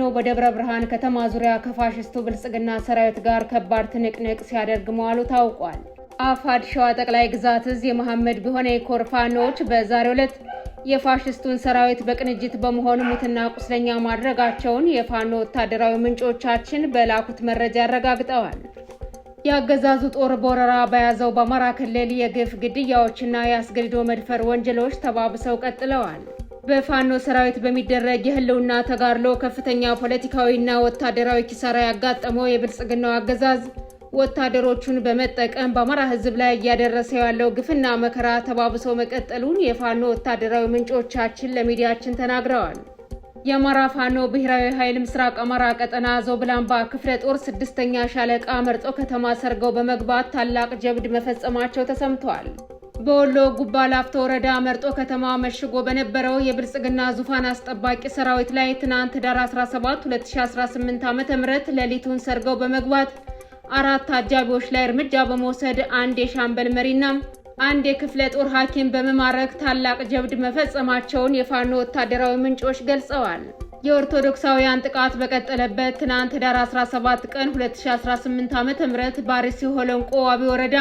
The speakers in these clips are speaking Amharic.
ፋኖ በደብረ ብርሃን ከተማ ዙሪያ ከፋሽስቱ ብልጽግና ሰራዊት ጋር ከባድ ትንቅንቅ ሲያደርግ መዋሉ ታውቋል። አፋድ ሸዋ ጠቅላይ ግዛት እዝ የመሐመድ ቢሆነ የኮር ፋኖዎች በዛሬው ዕለት የፋሽስቱን ሰራዊት በቅንጅት በመሆን ሙትና ቁስለኛ ማድረጋቸውን የፋኖ ወታደራዊ ምንጮቻችን በላኩት መረጃ ያረጋግጠዋል። የአገዛዙ ጦር በወረራ በያዘው በአማራ ክልል የግፍ ግድያዎችና የአስገድዶ መድፈር ወንጀሎች ተባብሰው ቀጥለዋል። በፋኖ ሰራዊት በሚደረግ የህልውና ተጋድሎ ከፍተኛ ፖለቲካዊና ወታደራዊ ኪሳራ ያጋጠመው የብልጽግናው አገዛዝ ወታደሮቹን በመጠቀም በአማራ ህዝብ ላይ እያደረሰ ያለው ግፍና መከራ ተባብሶ መቀጠሉን የፋኖ ወታደራዊ ምንጮቻችን ለሚዲያችን ተናግረዋል። የአማራ ፋኖ ብሔራዊ ኃይል ምስራቅ አማራ ቀጠና ዞብላምባ ክፍለ ጦር ስድስተኛ ሻለቃ መርጦ ከተማ ሰርገው በመግባት ታላቅ ጀብድ መፈጸማቸው ተሰምቷል። በወሎ ጉባ ላፍቶ ወረዳ መርጦ ከተማ መሽጎ በነበረው የብልጽግና ዙፋን አስጠባቂ ሰራዊት ላይ ትናንት ዳር 17 2018 ዓ.ም ሌሊቱን ሰርገው በመግባት አራት አጃቢዎች ላይ እርምጃ በመውሰድ አንድ የሻምበል መሪና አንድ የክፍለ ጦር ሐኪም በመማረክ ታላቅ ጀብድ መፈጸማቸውን የፋኖ ወታደራዊ ምንጮች ገልጸዋል። የኦርቶዶክሳውያን ጥቃት በቀጠለበት ትናንት ዳር 17 ቀን 2018 ም ባሪሲ ሆለንቆ ዋቢ ወረዳ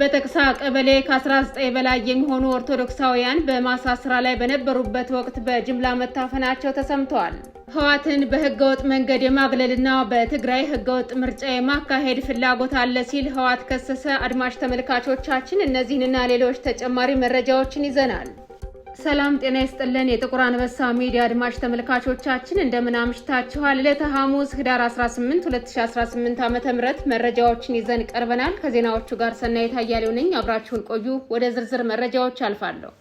በጠቅሳ ቀበሌ ከ19 በላይ የሚሆኑ ኦርቶዶክሳውያን በማሳ ስራ ላይ በነበሩበት ወቅት በጅምላ መታፈናቸው ተሰምተዋል። ህዋትን በህገወጥ መንገድ የማግለልና በትግራይ ህገወጥ ምርጫ የማካሄድ ፍላጎት አለ ሲል ህዋት ከሰሰ። አድማጭ ተመልካቾቻችን እነዚህንና ሌሎች ተጨማሪ መረጃዎችን ይዘናል። ሰላም ጤና ይስጥልን። የጥቁር አንበሳ ሚዲያ አድማጭ ተመልካቾቻችን እንደምን አምሽታችኋል? ዕለተ ሐሙስ ህዳር 18 2018 ዓ.ም መረጃዎችን ይዘን ቀርበናል። ከዜናዎቹ ጋር ሰናይ አያሌው ነኝ። አብራችሁን ቆዩ። ወደ ዝርዝር መረጃዎች አልፋለሁ።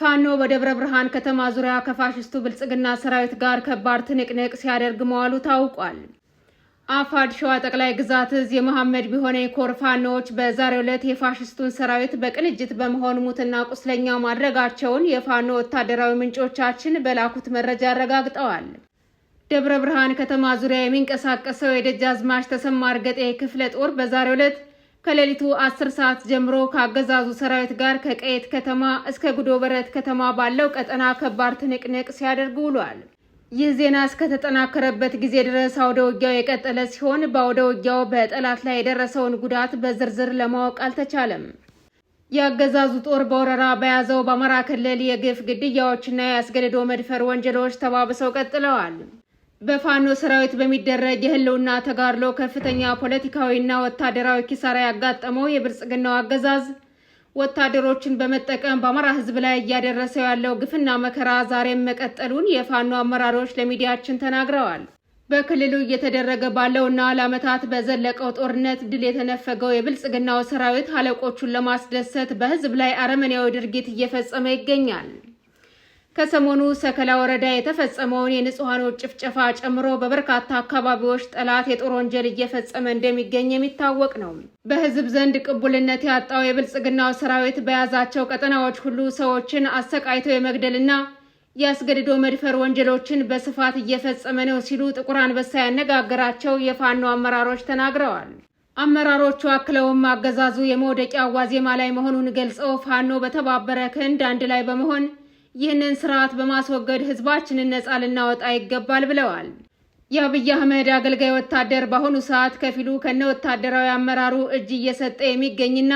ፋኖ በደብረ ብርሃን ከተማ ዙሪያ ከፋሽስቱ ብልጽግና ሰራዊት ጋር ከባድ ትንቅንቅ ሲያደርግ መዋሉ ታውቋል። አፋድ ሸዋ ጠቅላይ ግዛት እዝ የመሐመድ ቢሆነ ኮር ፋኖዎች በዛሬው ዕለት የፋሽስቱን ሰራዊት በቅንጅት በመሆን ሙትና ቁስለኛ ማድረጋቸውን የፋኖ ወታደራዊ ምንጮቻችን በላኩት መረጃ አረጋግጠዋል። ደብረ ብርሃን ከተማ ዙሪያ የሚንቀሳቀሰው የደጃዝማች ተሰማ እርገጤ ክፍለ ጦር በዛሬው ዕለት ከሌሊቱ አስር ሰዓት ጀምሮ ከአገዛዙ ሰራዊት ጋር ከቀየት ከተማ እስከ ጉዶ በረት ከተማ ባለው ቀጠና ከባድ ትንቅንቅ ሲያደርግ ውሏል። ይህ ዜና እስከተጠናከረበት ጊዜ ድረስ አውደ ውጊያው የቀጠለ ሲሆን በአውደ ውጊያው በጠላት ላይ የደረሰውን ጉዳት በዝርዝር ለማወቅ አልተቻለም። የአገዛዙ ጦር በወረራ በያዘው በአማራ ክልል የግፍ ግድያዎችና የአስገድዶ መድፈር ወንጀሎች ተባብሰው ቀጥለዋል። በፋኖ ሰራዊት በሚደረግ የህልውና ተጋድሎ ከፍተኛ ፖለቲካዊና ወታደራዊ ኪሳራ ያጋጠመው የብልጽግናው አገዛዝ ወታደሮችን በመጠቀም በአማራ ሕዝብ ላይ እያደረሰው ያለው ግፍና መከራ ዛሬም መቀጠሉን የፋኖ አመራሮች ለሚዲያችን ተናግረዋል። በክልሉ እየተደረገ ባለውና ለዓመታት በዘለቀው ጦርነት ድል የተነፈገው የብልጽግናው ሰራዊት አለቆቹን ለማስደሰት በሕዝብ ላይ አረመኔያዊ ድርጊት እየፈጸመ ይገኛል። ከሰሞኑ ሰከላ ወረዳ የተፈጸመውን የንጹሐኖች ጭፍጨፋ ጨምሮ በበርካታ አካባቢዎች ጠላት የጦር ወንጀል እየፈጸመ እንደሚገኝ የሚታወቅ ነው። በህዝብ ዘንድ ቅቡልነት ያጣው የብልጽግናው ሰራዊት በያዛቸው ቀጠናዎች ሁሉ ሰዎችን አሰቃይተው የመግደልና የአስገድዶ መድፈር ወንጀሎችን በስፋት እየፈጸመ ነው ሲሉ ጥቁር አንበሳ ያነጋገራቸው የፋኖ አመራሮች ተናግረዋል። አመራሮቹ አክለውም አገዛዙ የመውደቂያ ዋዜማ ላይ መሆኑን ገልጸው ፋኖ በተባበረ ክንድ አንድ ላይ በመሆን ይህንን ስርዓት በማስወገድ ህዝባችንን ነጻ ልናወጣ ይገባል ብለዋል። የአብይ አህመድ አገልጋይ ወታደር በአሁኑ ሰዓት ከፊሉ ከነ ወታደራዊ አመራሩ እጅ እየሰጠ የሚገኝና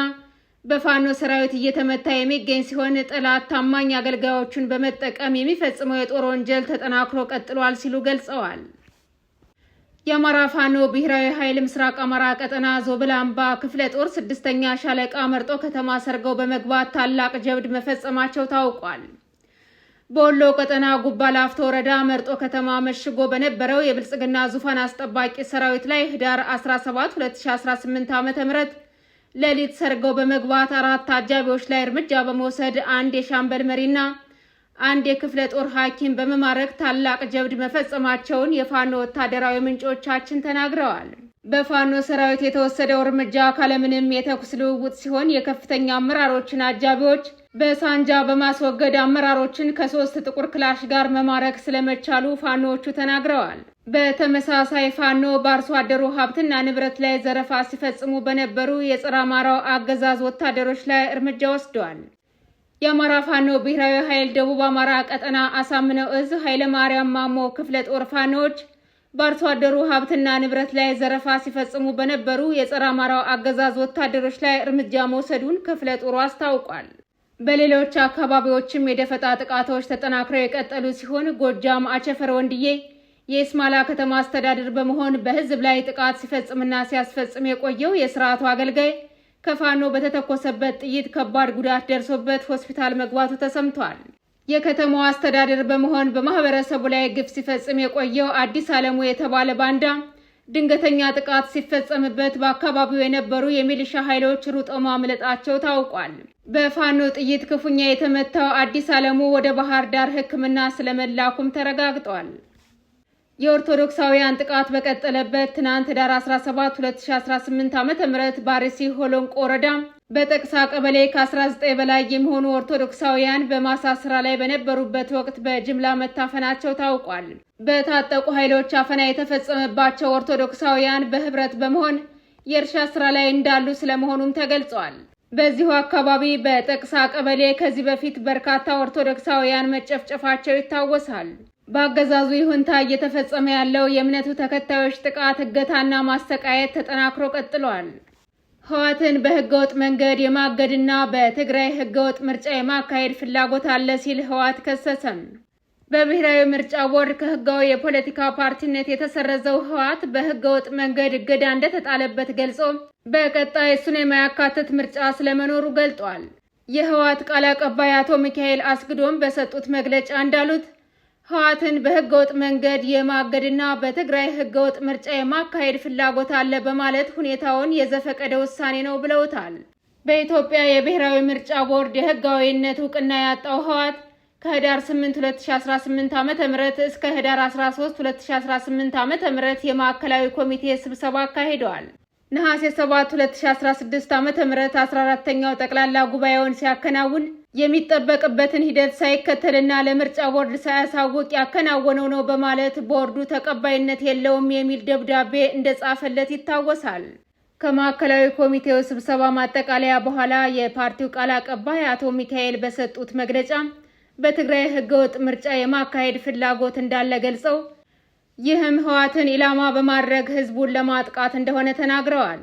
በፋኖ ሰራዊት እየተመታ የሚገኝ ሲሆን ጠላት ታማኝ አገልጋዮቹን በመጠቀም የሚፈጽመው የጦር ወንጀል ተጠናክሮ ቀጥሏል ሲሉ ገልጸዋል። የአማራ ፋኖ ብሔራዊ ኃይል ምስራቅ አማራ ቀጠና ዞብል አምባ ክፍለ ጦር ስድስተኛ ሻለቃ መርጦ ከተማ ሰርገው በመግባት ታላቅ ጀብድ መፈጸማቸው ታውቋል። በወሎ ቀጠና ጉባ ላፍቶ ወረዳ መርጦ ከተማ መሽጎ በነበረው የብልጽግና ዙፋን አስጠባቂ ሰራዊት ላይ ህዳር 17 2018 ዓ ም ሌሊት ሰርገው በመግባት አራት አጃቢዎች ላይ እርምጃ በመውሰድ አንድ የሻምበል መሪና አንድ የክፍለ ጦር ሐኪም በመማረክ ታላቅ ጀብድ መፈጸማቸውን የፋኖ ወታደራዊ ምንጮቻችን ተናግረዋል። በፋኖ ሰራዊት የተወሰደው እርምጃ ካለምንም የተኩስ ልውውጥ ሲሆን የከፍተኛ አመራሮችን አጃቢዎች በሳንጃ በማስወገድ አመራሮችን ከሶስት ጥቁር ክላሽ ጋር መማረክ ስለመቻሉ ፋኖዎቹ ተናግረዋል። በተመሳሳይ ፋኖ በአርሶ አደሩ ሀብትና ንብረት ላይ ዘረፋ ሲፈጽሙ በነበሩ የጸረ አማራው አገዛዝ ወታደሮች ላይ እርምጃ ወስደዋል። የአማራ ፋኖ ብሔራዊ ኃይል ደቡብ አማራ ቀጠና አሳምነው እዝ ኃይለ ማርያም ማሞ ክፍለ ጦር ፋኖዎች በአርሶ አደሩ ሀብትና ንብረት ላይ ዘረፋ ሲፈጽሙ በነበሩ የጸረ አማራው አገዛዝ ወታደሮች ላይ እርምጃ መውሰዱን ክፍለ ጦሩ አስታውቋል። በሌሎች አካባቢዎችም የደፈጣ ጥቃቶች ተጠናክረው የቀጠሉ ሲሆን ጎጃም አቸፈር ወንድዬ የኢስማላ ከተማ አስተዳደር በመሆን በሕዝብ ላይ ጥቃት ሲፈጽምና ሲያስፈጽም የቆየው የስርዓቱ አገልጋይ ከፋኖ በተተኮሰበት ጥይት ከባድ ጉዳት ደርሶበት ሆስፒታል መግባቱ ተሰምቷል። የከተማው አስተዳደር በመሆን በማህበረሰቡ ላይ ግፍ ሲፈጽም የቆየው አዲስ አለሙ የተባለ ባንዳ ድንገተኛ ጥቃት ሲፈጸምበት በአካባቢው የነበሩ የሚሊሻ ኃይሎች ሩጠው ማምለጣቸው ታውቋል። በፋኖ ጥይት ክፉኛ የተመታው አዲስ አለሙ ወደ ባህር ዳር ሕክምና ስለመላኩም ተረጋግጧል። የኦርቶዶክሳውያን ጥቃት በቀጠለበት ትናንት ዳር 17 2018 ዓ ም ባርሲ ሆሎንቆ ወረዳ በጠቅሳ ቀበሌ ከ19 በላይ የሚሆኑ ኦርቶዶክሳውያን በማሳ ስራ ላይ በነበሩበት ወቅት በጅምላ መታፈናቸው ታውቋል። በታጠቁ ኃይሎች አፈና የተፈጸመባቸው ኦርቶዶክሳውያን በህብረት በመሆን የእርሻ ስራ ላይ እንዳሉ ስለመሆኑም ተገልጿል። በዚሁ አካባቢ በጠቅሳ ቀበሌ ከዚህ በፊት በርካታ ኦርቶዶክሳውያን መጨፍጨፋቸው ይታወሳል። በአገዛዙ ይሁንታ እየተፈጸመ ያለው የእምነቱ ተከታዮች ጥቃት፣ እገታና ማሰቃየት ተጠናክሮ ቀጥሏል። ህወሓትን በህገወጥ መንገድ የማገድና በትግራይ ህገወጥ ምርጫ የማካሄድ ፍላጎት አለ ሲል ህወሓት ከሰሰም። በብሔራዊ ምርጫ ቦርድ ከህጋዊ የፖለቲካ ፓርቲነት የተሰረዘው ህወሓት በህገወጥ መንገድ እገዳ እንደተጣለበት ገልጾ በቀጣይ እሱን የማያካትት ምርጫ ስለመኖሩ ገልጧል። የህወሓት ቃል አቀባይ አቶ ሚካኤል አስግዶም በሰጡት መግለጫ እንዳሉት ህወሓትን በህገወጥ መንገድ የማገድና በትግራይ ህገወጥ ምርጫ የማካሄድ ፍላጎት አለ በማለት ሁኔታውን የዘፈቀደ ውሳኔ ነው ብለውታል። በኢትዮጵያ የብሔራዊ ምርጫ ቦርድ የህጋዊነት እውቅና ያጣው ህወሓት ከህዳር 8 2018 ዓ.ም እስከ ህዳር 13 2018 ዓ.ም የማዕከላዊ ኮሚቴ ስብሰባ አካሂደዋል። ነሐሴ 7 2016 ዓ.ም 14 ተኛው ጠቅላላ ጉባኤውን ሲያከናውን የሚጠበቅበትን ሂደት ሳይከተልና ለምርጫ ቦርድ ሳያሳውቅ ያከናወነው ነው በማለት ቦርዱ ተቀባይነት የለውም የሚል ደብዳቤ እንደጻፈለት ይታወሳል። ከማዕከላዊ ኮሚቴው ስብሰባ ማጠቃለያ በኋላ የፓርቲው ቃል አቀባይ አቶ ሚካኤል በሰጡት መግለጫ በትግራይ ህገወጥ ምርጫ የማካሄድ ፍላጎት እንዳለ ገልጸው ይህም ህዋትን ኢላማ በማድረግ ህዝቡን ለማጥቃት እንደሆነ ተናግረዋል።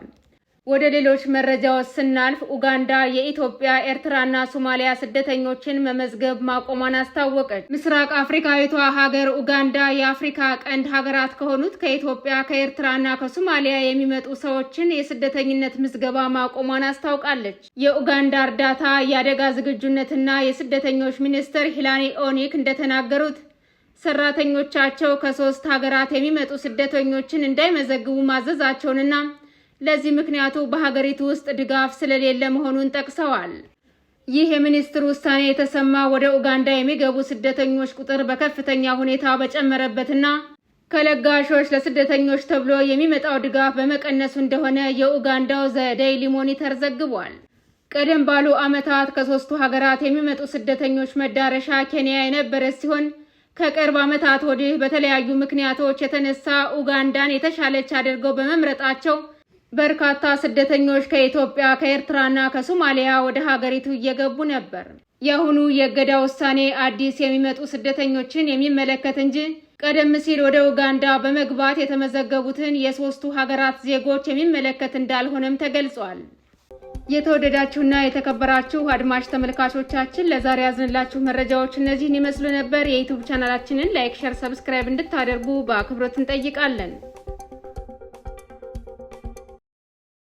ወደ ሌሎች መረጃዎች ስናልፍ ኡጋንዳ የኢትዮጵያ ኤርትራና ሶማሊያ ስደተኞችን መመዝገብ ማቆሟን አስታወቀች። ምስራቅ አፍሪካዊቷ ሀገር ኡጋንዳ የአፍሪካ ቀንድ ሀገራት ከሆኑት ከኢትዮጵያ ከኤርትራና ከሶማሊያ የሚመጡ ሰዎችን የስደተኝነት ምዝገባ ማቆሟን አስታውቃለች። የኡጋንዳ እርዳታ የአደጋ ዝግጁነትና የስደተኞች ሚኒስትር ሂላኒ ኦኒክ እንደተናገሩት ሰራተኞቻቸው ከሶስት ሀገራት የሚመጡ ስደተኞችን እንዳይመዘግቡ ማዘዛቸውንና ለዚህ ምክንያቱ በሀገሪቱ ውስጥ ድጋፍ ስለሌለ መሆኑን ጠቅሰዋል። ይህ የሚኒስትር ውሳኔ የተሰማ ወደ ኡጋንዳ የሚገቡ ስደተኞች ቁጥር በከፍተኛ ሁኔታ በጨመረበትና ከለጋሾች ለስደተኞች ተብሎ የሚመጣው ድጋፍ በመቀነሱ እንደሆነ የኡጋንዳው ዘዴይሊ ሞኒተር ዘግቧል። ቀደም ባሉ ዓመታት ከሶስቱ ሀገራት የሚመጡ ስደተኞች መዳረሻ ኬንያ የነበረ ሲሆን ከቅርብ ዓመታት ወዲህ በተለያዩ ምክንያቶች የተነሳ ኡጋንዳን የተሻለች አድርገው በመምረጣቸው በርካታ ስደተኞች ከኢትዮጵያ ከኤርትራና ከሶማሊያ ወደ ሀገሪቱ እየገቡ ነበር። የአሁኑ የእገዳ ውሳኔ አዲስ የሚመጡ ስደተኞችን የሚመለከት እንጂ ቀደም ሲል ወደ ኡጋንዳ በመግባት የተመዘገቡትን የሶስቱ ሀገራት ዜጎች የሚመለከት እንዳልሆነም ተገልጿል። የተወደዳችሁና የተከበራችሁ አድማጭ ተመልካቾቻችን ለዛሬ ያዝንላችሁ መረጃዎች እነዚህን ይመስሉ ነበር። የዩቱብ ቻናላችንን ላይክ፣ ሸር፣ ሰብስክራይብ እንድታደርጉ በአክብሮት እንጠይቃለን።